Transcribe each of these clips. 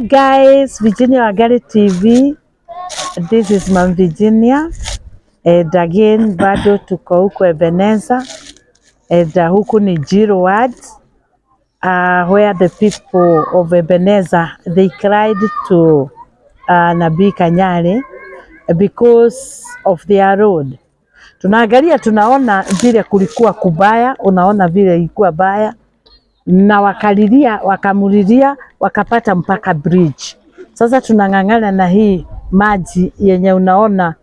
Hey guys, Virginia Wangari TV. This is Mam Virginia. And eh, again bado tuko huko Ebeneza. Eh, And uh, huku ni Jiro Ward uh, ah, where the people of Ebeneza they cried to uh, ah, Nabi Kanyari because of their road. Tunaangalia tunaona vile kulikuwa kubaya, unaona vile ilikuwa baya na wakalilia wakamulilia wakapata mpaka bridge. Sasa tunang'ang'ana na hii maji yenye unaona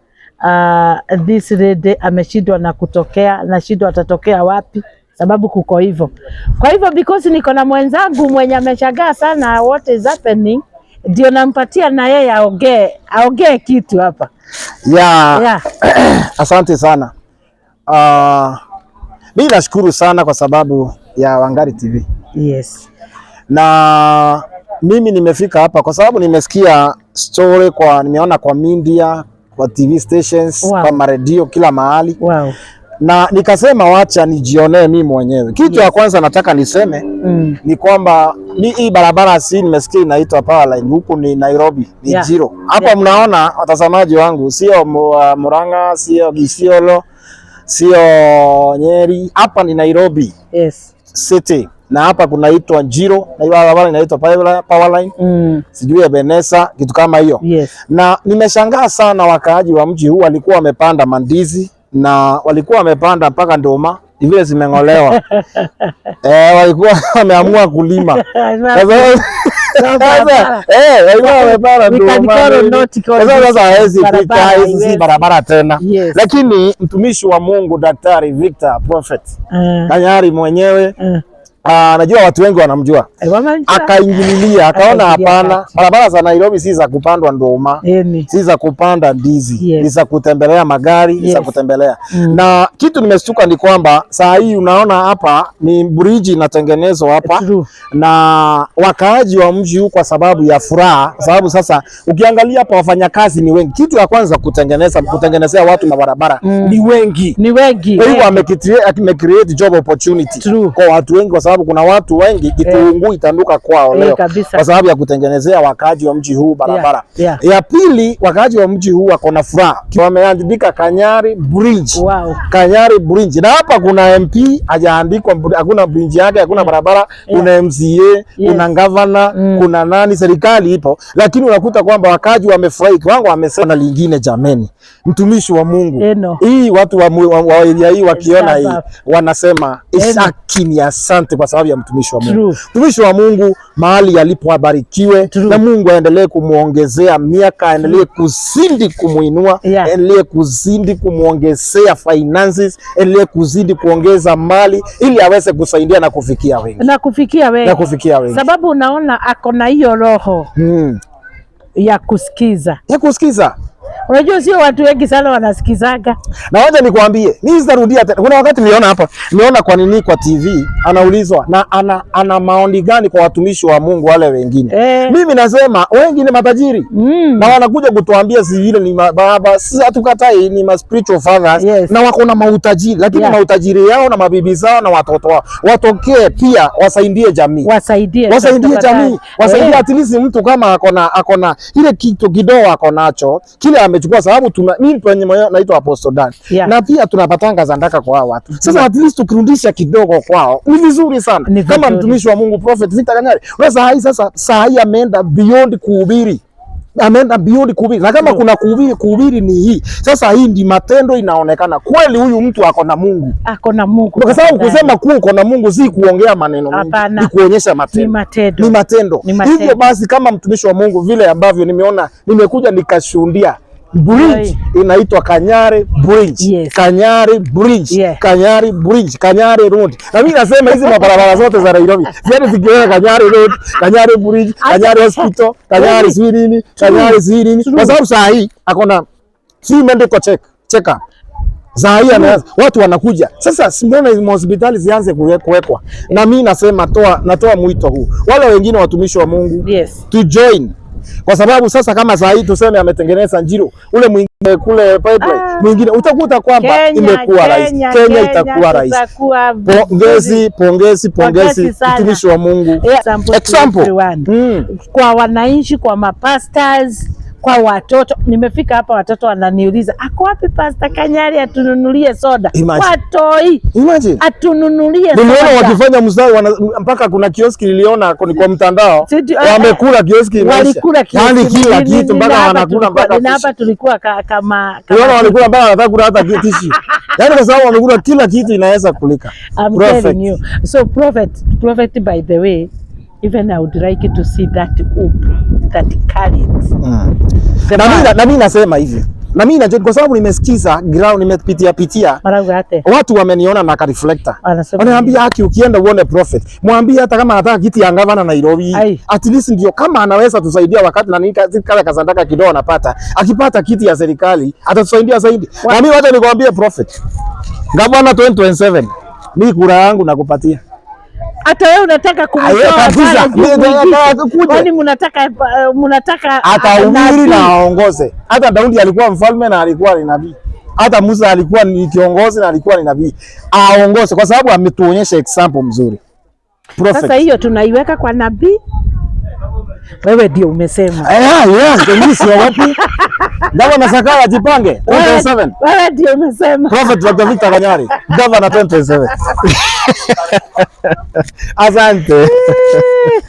uh, this lady ameshindwa na kutokea, nashindwa atatokea wapi, sababu kuko hivyo. Kwa hivyo because niko na mwenzangu mwenye ameshagaa sana what is happening, ndio nampatia na yeye aongee aongee kitu hapa yeah. Yeah. Asante sana uh, mimi nashukuru sana kwa sababu ya Wangari TV Yes. Na mimi nimefika hapa kwa sababu nimesikia story kwa, nimeona kwa media, kwa TV stations, wow. kwa maredio kila mahali wow. na nikasema wacha nijionee mimi mwenyewe kitu yes. kwanza nataka niseme mm. ni kwamba mi hii barabara si nimesikia inaitwa Powerline, huku ni Nairobi ni yeah. Jiro hapa yeah. mnaona watazamaji wangu sio uh, Murang'a, sio Gisiolo, sio Nyeri, hapa ni Nairobi yes. city na hapa kunaitwa Njiro na hiyo barabara inaitwa Power Line mm. sijui ya Benesa kitu kama hiyo yes. Na nimeshangaa sana wakaaji wa mji huu walikuwa wamepanda mandizi na walikuwa wamepanda mpaka ndoma vile zimeng'olewa. Eh, walikuwa wameamua kulima eh, hizi barabara tena yes. Lakini mtumishi wa Mungu Daktari Victor Prophet eh. Kanyari mwenyewe uh. Ah, najua watu wengi wanamjua. Eh, Akaingililia eh, akaona hapana, barabara za Nairobi si za kupandwa ndoma, si za kupanda ndizi, ni za kutembelea magari, ni za kutembelea mm. na kitu nimeshtuka ni kwamba saa hii unaona hapa ni bridge inatengenezwa hapa na wakaaji wa mji huu kwa sababu ya furaha, kwa sababu sasa ukiangalia hapa wafanyakazi ni wengi. Kitu ya kwanza kutengeneza kutengenezea watu na barabara mm. ni wengi, ni wengi. Kwa hiyo amecreate job opportunity kwa watu wengi kwa sababu sababu kuna watu wengi Kitunguu yeah. itanduka kwao leo kwa sababu ya kutengenezea wakaaji wa mji huu barabara yeah, yeah. Ya pili wakaaji wa mji huu wako na furaha, wameandika Kanyari Bridge wow. Kanyari Bridge na hapa kuna MP hajaandikwa, hakuna bridge yake, hakuna yeah. barabara yeah. kuna MCA yes. kuna governor mm. kuna nani, serikali ipo, lakini unakuta kwamba wakaaji wamefurahi kwangu, wamesema na lingine. Jameni, mtumishi wa Mungu hii watu wa, wa, wa, wa, hii wakiona hii wanasema Eno. Isaki ni asante kwa sababu ya mtumishi wa Mungu. Mtumishi wa Mungu mahali alipo abarikiwe na Mungu, aendelee kumuongezea miaka, aendelee kuzidi kumuinua, aendelee kuzidi kumuongezea finances, aendelee kuzidi kuongeza mali ili aweze kusaidia na kufikia wengi. Na kufikia wengi. Na kufikia wengi. Sababu unaona ako na hiyo roho hmm, ya kusikiza. Ya kusikiza. Unajua sio watu wengi sana wanasikizaga. Na waje nikwambie, mimi sitarudia tena. Kuna wakati niliona hapa, nimeona kwa nini kwa TV anaulizwa na ana, ana maoni gani kwa watumishi wa Mungu wale wengine. Eh. Mimi nasema wengi ni matajiri mm. na wanakuja kutuambia si vile ni baba, si hatukatai ni ma spiritual fathers yes. na wako na mautajiri lakini yeah. mautajiri yao na mabibi zao na watoto wao watokee pia wasaidie jamii. Wasaidie. Wasaidie jamii. Wasaidie eh. at least mtu kama akona akona ile kitu kidogo akonacho kile ame amechukua, sababu tuna mimi kwa nyuma naitwa Apostle Dan yeah. na pia tunapatanga zandaka kwa hao watu sasa yeah. at least tukirudisha kidogo kwao ni vizuri sana ni kama mtumishi wa Mungu Prophet Victor Ganyari sasa hii sasa saa hii ameenda beyond kuhubiri ameenda beyond kuhubiri na kama no. Mm. kuna kuhubiri, kuhubiri ni hii sasa. Hii ndi matendo inaonekana kweli, huyu mtu ako na Mungu, ako na Mungu, kwa sababu kusema kuwa uko na Mungu si kuongea maneno mengi, ni kuonyesha matendo, ni matendo, ni matendo. Hivyo basi kama mtumishi wa Mungu vile ambavyo nimeona, nimekuja nikashuhudia Bridge inaitwa Kanyare Bridge. Yes. Kanyare Bridge. Yeah. Kanyare Bridge, Kanyare Road. Na mimi nasema hizi mabarabara zote za Nairobi. Yaani zikiwa Kanyare Road, Kanyare Bridge, Kanyare Hospital, Kanyare sijui Kanyare sijui Kwa sababu saa hii akona si mende kwa check, check up. Saa hii anaanza watu wanakuja. Sasa simbona hizo hospitali zianze kuwekwa? Na mimi nasema toa natoa mwito huu. Wale wengine watumishi wa Mungu. Yes. To join kwa sababu sasa kama saa hii tuseme ametengeneza Njiro ule mwingine kule pipeline ah, mwingine utakuta kwamba imekuwa rahisi Kenya, Kenya itakuwa rahisi. Pongezi, pongezi, pongezi mtumishi wa Mungu, yeah, example, example. Mm. Kwa wananchi, kwa mapastors kwa watoto. Nimefika hapa watoto wananiuliza ako wapi Pastor Kanyari atununulie soda. Imagine. Watoi. Imagine. Atununulie soda. Nimeona wakifanya mstari mpaka kuna kioski niliona ni kwa mtandao. Eh, wamekula eh. kioski maisha. Walikula kioski. Yaani kila kitu mpaka wanakula mpaka. Na hapa tulikuwa kama kama Niliona walikula mpaka wanataka kula hata tishi. Yaani kwa sababu wamekula kila kitu inaweza kulika. I'm telling you. So prophet, prophet by the way even I would like to see that hope that carries mm. Na mimi nasema hivi na mimi najua kwa sababu nimesikiza ground, nimepitia pitia, watu wameniona na ka reflector, wanaambia haki, ukienda uone prophet, mwambie hata kama anataka kiti ya gavana Nairobi, at least ndio kama anaweza tusaidia wakati na nini, kale kasandaka kidogo anapata, akipata kiti ya serikali atatusaidia zaidi. Na mimi wacha nikwambie prophet, gavana 2027 mimi kura yangu nakupatia hata wewe unataka kumtoa, mnataka mnataka atahubiri na aongoze. Hata Daudi alikuwa mfalme na alikuwa ni nabii, hata Musa alikuwa ni kiongozi na alikuwa ni nabii, aongoze kwa sababu ametuonyesha example mzuri. Prophet. Sasa hiyo tunaiweka kwa nabii wewe ndio umesema Eh, ah, yes, wapi? Ndio na sakala jipange, wewe ndio umesema. Prophet Dr. Victor Kanyari, Ndio na 27. Asante.